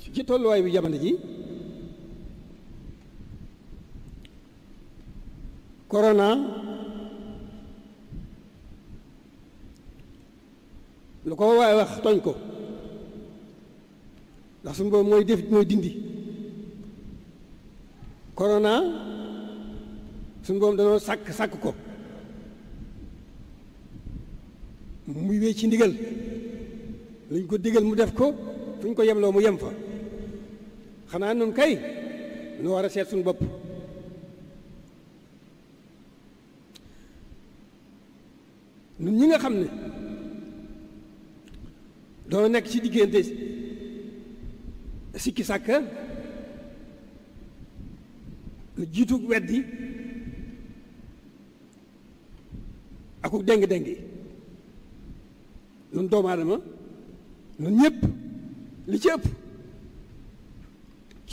su ci tolluwaay bi jamono ji korona lu ko waaye wax tooñ ko ndax suñ boobu mooy def mooy dindi korona suñu boobu danoo sàkk sàkk ko mu wéy ci ndigal luñ ko digal mu def ko fu ñu ko yemloo mu yem fa xanaa nun kay nu war a seet suñu bopp nun ñi nga xam ne doo nekk ci diggante sikki sàkka lu jiitu weddi aku déng-déng nun doomu aadama nun ñëpp li ci ëpp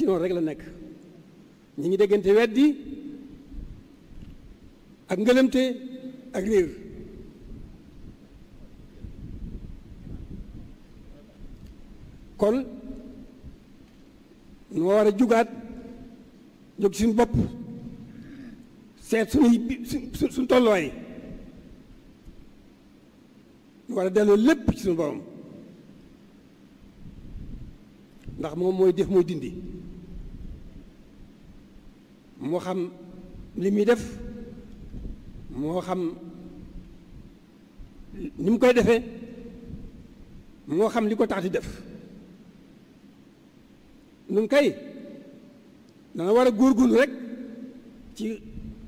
ci rek la nekk ñu ngi déggante weddi ak ngelamte ak réer kon nu war a jugaat jóg suñu bopp seet suñuy suñu tolluwaay nu war a delloo lépp ci suñu borom ndax moom mooy def mooy dindi moo xam li muy def moo xam ni mu koy defe moo xam li ko tax di def nun kay danga war a góor góorgóorlu rek ci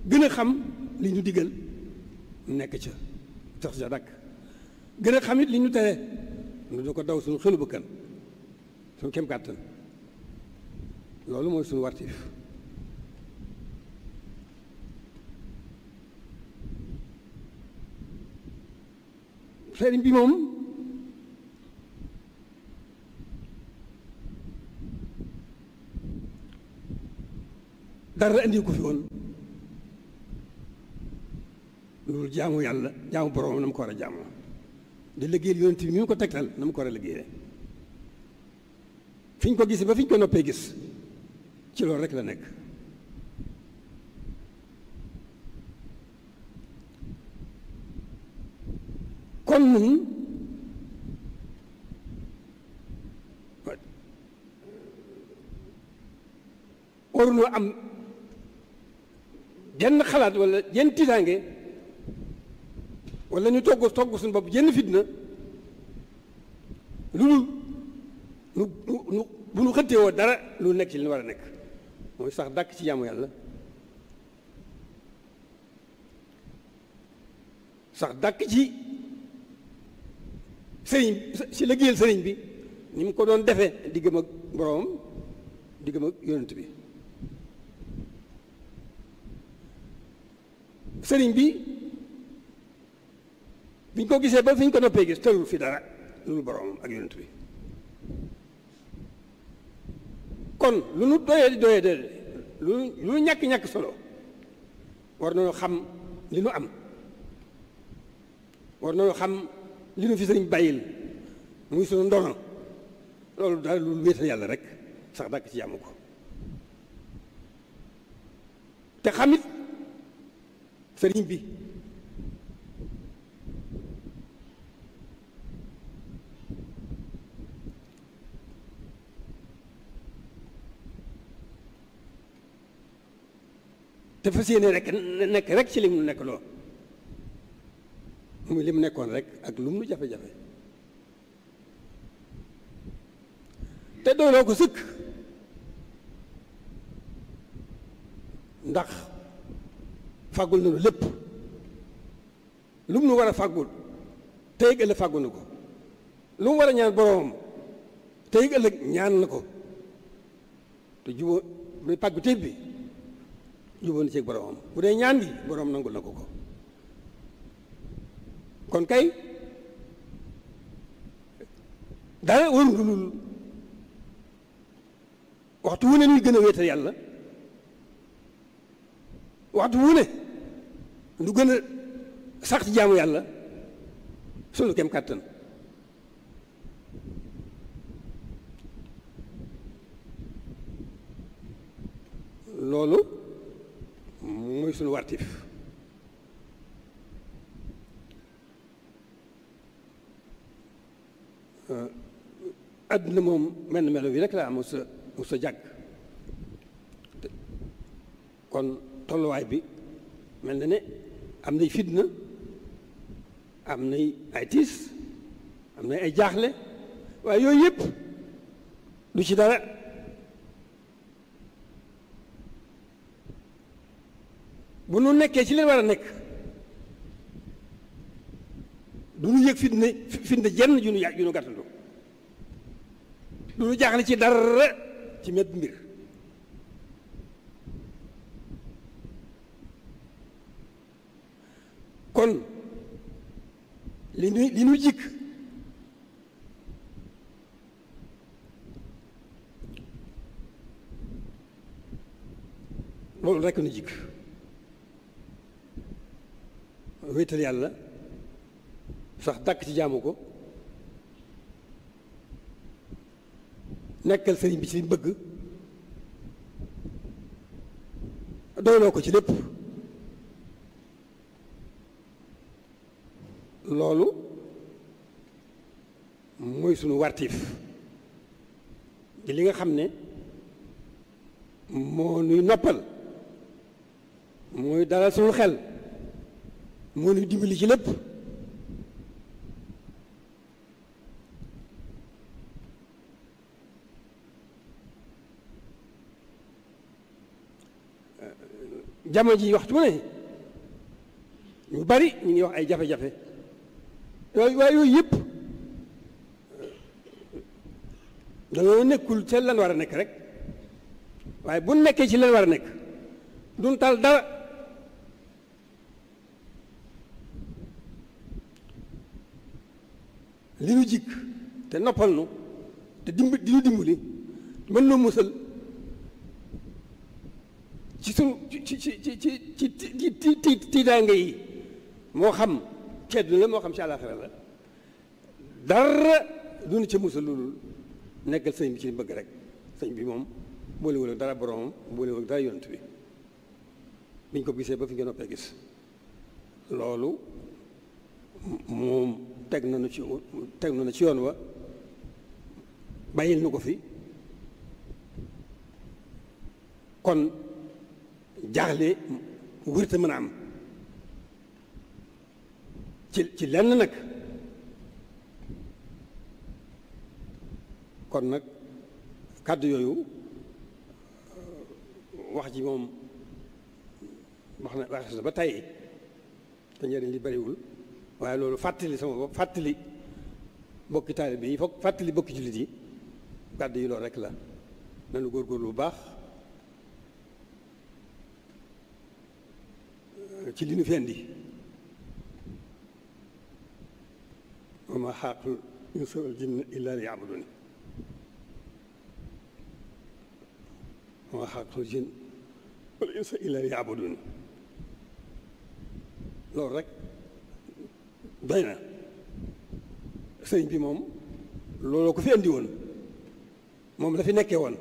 gën a xam li ñu digal nekk ca tax ja dakk gën a xam it li ñu tere nu du ko daw suñu xelu bëkkan suñu kem kàttan loolu mooy suñu wartiif sëriñ bi moom dara indi ko fi woon loolu jaamu yàlla jaamu boroomam na mu ko war a jaamoo di liggéeyal yonent bi ni mu ko tegtal na mu ko war a liggéeyee fi ñu ko gisee ba fi ñu ko noppee gis ci loolu rek la nekk أنه waruñoo am jenn xalaat wala jenn tiitaange wala ñu togg togg suñu bopp jenn fitna lu nu nu bu nu xëtteewoo dara lu nekk ci li ñu war a nekk mooy sax dàkk ci jaamu yàlla sax dàkk ci sëriñ si liggéeyal sëriñ bi ni mu ko doon defee diggam ak boroomam diggam ak yonent bi sëriñ bi biñ ko gisee ba fi ñu ko noppee gis tëlul fi dara lu boroomam ak yonent bi kon lu nu doyee di doyee de lu lu ñàkk-ñàkk solo war nañu xam li nu am war nañu xam li nu fi sëriñ bàyyil muy sunu ndono loolu daal lu wéetal yàlla rek sax dàkk ci yàmm ko te xamit sëriñ bi te fas yéene rek nekk rek ci li mu nekk loo muy li mu nekkoon rek ak lu mu nu jafe-jafe te doyloo ko sëkk ndax fàggul na lu lépp lu mu nu war a fàggul tey ëllëg fàggu ko lu mu war a ñaan boroomam tey ëllëg ñaan na ko te jubóo muy pàggu téeb bi jubóo na ci boroomam bu dee ñaan gi boroom nangul na ko ko kon kay dara waruñu lul waxtu wu ne ñuy gën a wéetal yàlla waxtu wu ne lu gën a sax ci jaamu yàlla sunu kem kàttan loolu mooy sunu wartif Euh, àdduna moom mel na melo bi rek laa am sa mu sa jàgg kon tolluwaay bi mel na ne am na nay fitna am nay ay tiis am nay ay jaaxle waaye yooyu yëpp du ci dara bu nu nekkee ci leen war a nekk du ñu yëg fitne fitne jenn ju ñu ya ju ñu gàttandu du ñu jaaxle ci dara ci met mbir kon li nu li nu jikk loolu rekk nu jikk wéetal yàlla sax dàkk ci jaamu ko nekkal sëriñ bi ci liñ bëgg doyloo ko ci lépp loolu mooy sunu wartiif di li nga xam ne moo nuy noppal mooy dalal sunu xel moo nuy dimbali ci lépp jamono ji waxtu ne ñu bari ñu ngi wax ay jafe-jafe yooyu waaye yooyu yëpp dañoo nekkul ca lan war a nekk rek waaye bu nekkee ci lan war a nekk duñ tal dara li nu jikk te noppal nu te dimb di nu dimbali mën noo musal ci sunu ci ci ci ci ci ci ci ci tiitaange yi moo xam ci àdduna la moo xam ci àllaaxira la dara ci ca lu loolu nekkal sëñ bi ci bëgg rek sëñ bi moom boolewul ak dara boromam boole ak dara yonent bi biñ ko gisee ba fi nga noppee gis loolu moom teg nañu ci teg nañu ci yoon wa bàyyil nu ko fi kon jaaxle wërta mën a am ci ci lenn nag kon nag kàddu yooyu euh, wax ji moom wax na wax ba tey te njëriñ li bariwul waaye loolu fàttali sama bopp fàttali bokki taalibe yi foog fàttali bokki jullit yi kàdd yi loolu rek la nanu góorgóorlu bu baax ci li nu fi indi wa maa xalaqtul insa wal jinna illaa liya'buduun wa maa loolu rek doy na sëñ bi moom looloo ko fi indi woon moom la fi nekkee woon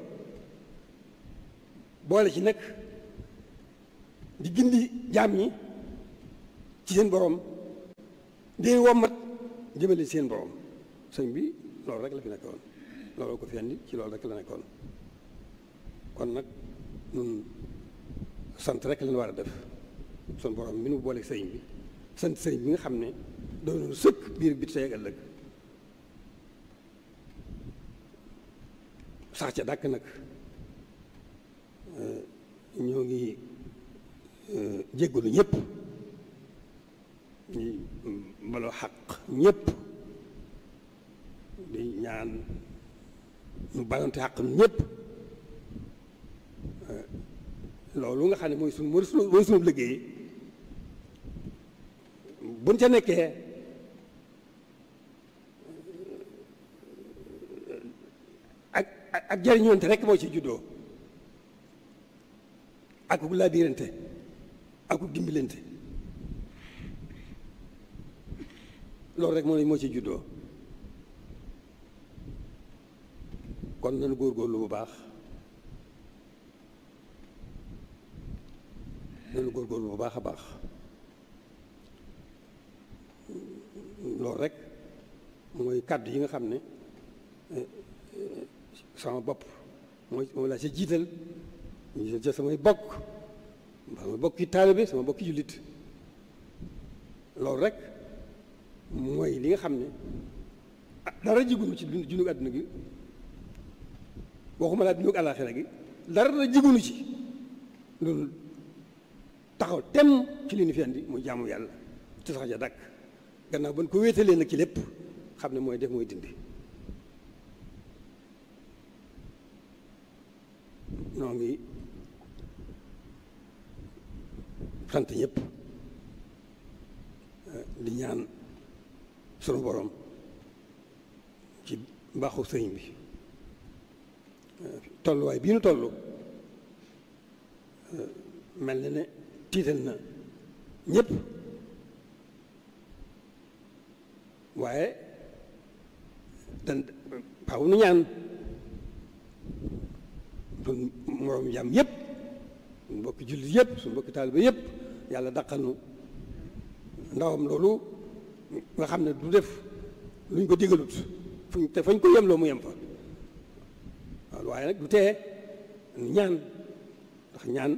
boole ci nag di gindi jaam yi ci seen borom day wommat jëmale seen borom sëñ bi loolu rek la fi nekkoon loolu ko fi ci loolu rek la nekkoon kon nag ñun sant rekk lañ war a def suñu borom mi nu boole sëñ bi sant sëñ bi nga xam ne doon sëkk biir bi tey ak ëllëg sax ca dàkk nag eh, ñoo ngi eh, jéggalu ñëpp ñi balu xaq ñëpp di ñaan ñu balonte xaq ñëpp eh, loolu nga xam ne mooy suñu mooy suñu liggéey buñ ca nekkee eh, ak ak jariñoonte rek moo ci juddoo ak ku laabirante ak ku dimbilante loolu rek moo lañ moo ci juddoo kon nañu góorgóorlu bu baax nañu góorgóorlu bu baax a baax loolu rek mooy kàddu yi nga xam ne eh, sama bopp mooy moom laa sa jiital ñu ca samay bokk mbaa ma bokki taalibe sama bokki jullit loolu rek mooy li nga xam ne ah, dara jigunu ci junug àdduna gi waxuma laa junug àllaaxira gi dara jigunu ci loolu taxaw tem ci li ñu fi jaamu yàlla te sax ja dàkk gannaaw ba ñu ko wéetalee nag ci lépp xam ne mooy def mooy dindi noo ngi sant ñëpp eh, di ñaan sunu borom ci mbaaxu sëñ bi tolluwaay bii nu toll mel na ne tiital na ñëpp waaye dan faaw nu ñaan sun moroom jàmm yëpp suñu mbokki jullit yëpp suñu mbokki taaliba yëpp yàlla daqal nu ndawam loolu nga xam ne du def luñ ko digalut fuñ te fañ ko yemloo mu yem fa waaw waaye du tee ñaan ndax ñaan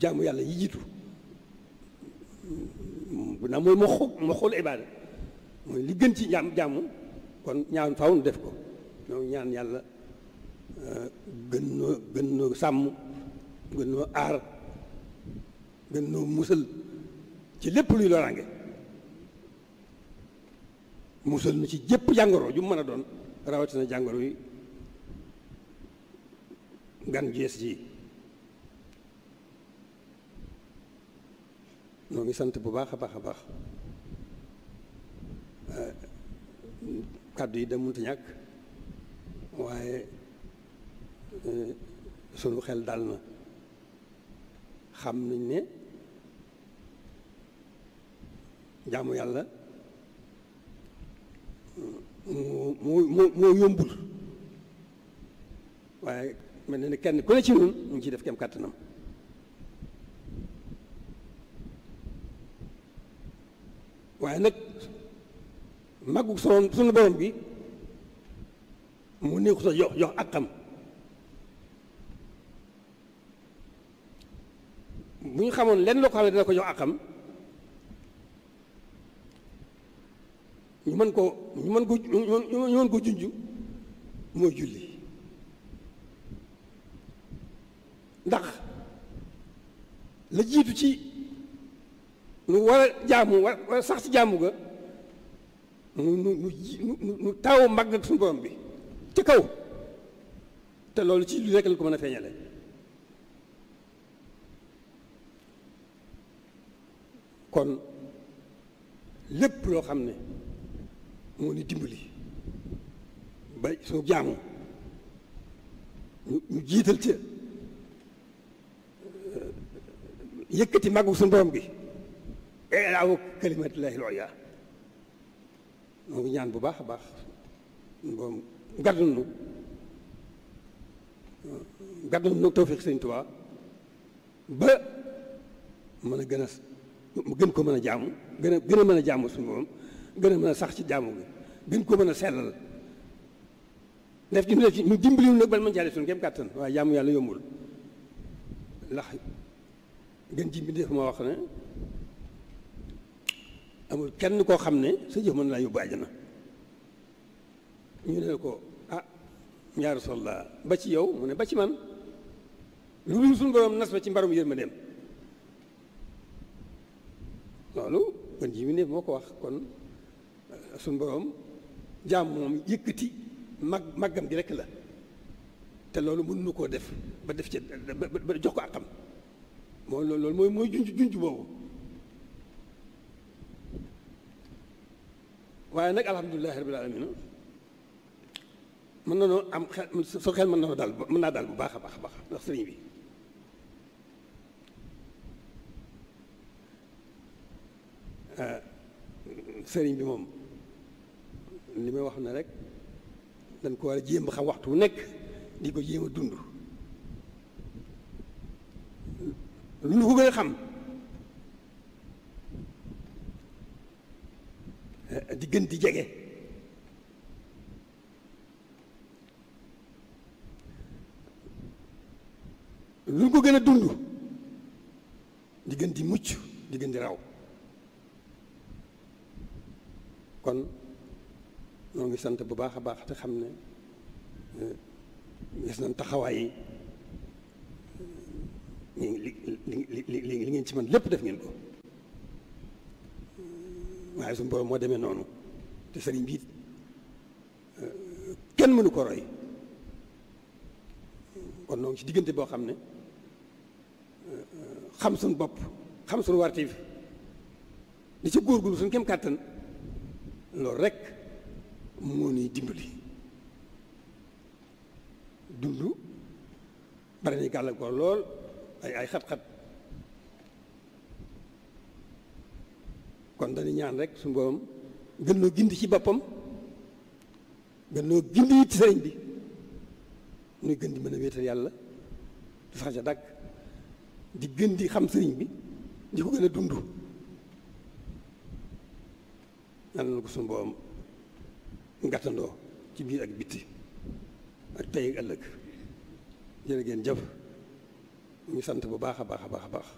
jaamu yàlla yi jiitu bu naa mooy moxu moxul ibaada mooy li gën ci jàmm jàmm kon ñaan faw nu def ko ñoo ñaan yàlla eh, gën noo gën noo sàmm gën noo aar gën noo musal ci lépp luy loraange musal nu ci jëpp jàngoro ju mën a doon rawatina jàngoro yi gan jees ji noo ngi sant bu baax a baax a baax eh, kàddu yi da mënta ñàkk waaye eh, sunu xel dal na xam nañ ne jaamu yàlla moo moo moo yombul waaye mel na ne kenn ku ne ci ñun ñu ngi ciy def kem kàttanam waaye nag màggu son sunu borom bi mu néexu sa jox jox ak xam bu ñu xamoon lenn loo ko xam ne dina ko jox ak xam ñu mën ko ñu mën ko ñu mën ko junj mooy julli ndax la jiitu ci nu war a jàmm war sax ci jaamu ga nu nu nu taawu mag ak suñu borom bi ci kaw te loolu ci lu rekk la ko mën a feeñale kon lépp loo xam ne moo ni dimbali ba soo jaamu ñu jiital ca euh, yëkkati màggu suñu borom gi eelaawu kalimatullahi loya moo ngi ñaan bu baax a baax boom gàddun nu euh, gàddun nu ba mën a gën a gën ko mën a jaamu gën a gën a mën a jaamu suñu borom gën mën a sax ci jaamu gi gën koo mën a sellal def ci mu ci mu dimbaliwul nag ban mën caa def suñu kéem kàttan waaye jaamu yàlla yombul ndax gën ji def moo wax ne amul kenn koo xam ne sa jëf mën laa yóbbu àjjana ñu ne ko ah yaa Rasulallah ba ci yow mu ne ba ci man lu dul suñu borom nas ba ci mbarum yërmandeem loolu gën ji bi moo ko wax kon suñu borom jaam moom yëkkati mag màggam gi rekk la te loolu mën nu koo def ba def ci ba jox ko àqam moo loolu mooy mooy junj junj boobu waaye nag alhamdulilahi rabbil alamin mën na noo am xel soo xel mën na daal mën naa daal bu baax a baax a baax ndax sëriñ bi ah, sëriñ bi moom li may wax na rek dañ ko war a jéem ba xam waxtu wu nekk di ko jéem a dund lu ñu ko gën a xam eh, di gën di jege lu ñu ko gën a dund di gën di mucc di gën di raw kon ngi sant bu baax a baax te xam ne gis nañ taxawaay yi li li li ngeen ci man lépp def ngeen ko waaye suñu borom moo demee noonu te sëriñ bi kenn mënu ko roy kon noo ci diggante boo xam ne xam suñ bopp xam suñu warti fi di ci góorgóorlu suñ kem kàttan loolu rek moo ñuy dimbali dund bari nañu gàllankoor lool ay ay xat-xat kon dañu ñaan rek su borom gën noo gindi ci boppam gën noo gindi ci sëriñ bi nuy gën di mën a wéetal yàlla di sax ca dàkk di gën di xam sëriñ bi di ko gën a dund yàlla na ko suñu borom gàttandoo ci biir ak bitti ak tey ak ëllëg jërë geen jëf ñu sant bu baax a baax a baax a baax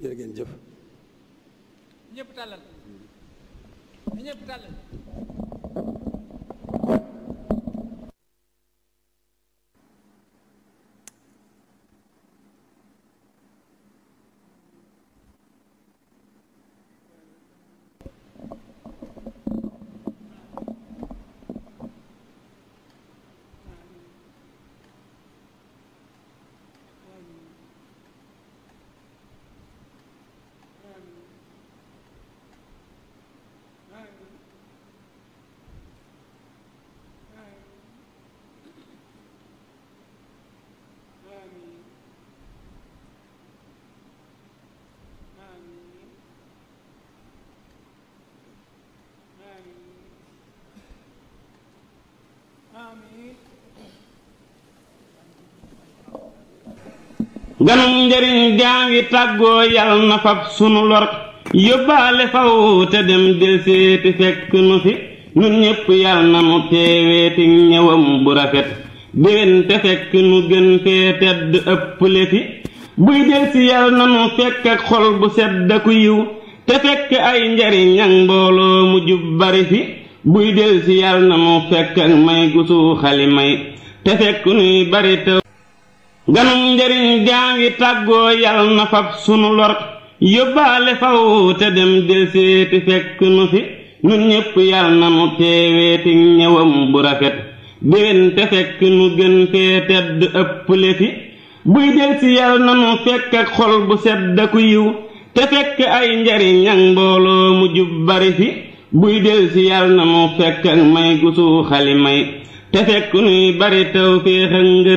jërë ngeen jëf ñëpp tàllal ñëpp tàllal ganum njariñ gaa ngi tàggoo yal na fab sunu lor yóbbaale faw te dem del seeti fekk nu fi nun ñépp yal na mu teeweeti ñëwam bu rafet déwén te fekk nu gën fee tedd ëpple fi buy del si yal na nu fekk ak xol bu sedd ku yiw te fekk ay njariñ ak mbooloo mu jub bari fi buy del si yal na mu fekk ak may gusu xali may te fekk nuy bari ganum njariñ gaa ngi tàggoo yal na fab sunu lor yóbbaale faw te dem del seeti fekk nu fi nun ñépp yal na nu teeweeti ñëwam bu rafet déwén te fekk nu gën fee tedd ëpple fi buy del si yal na nu fekk ak xol bu sedd ku yiw te fekk ay njariñ ak mbooloo mu jub bari fi buy del si yal na nu fekk ak may gusu xali may te fekk nuy bari taw féex ak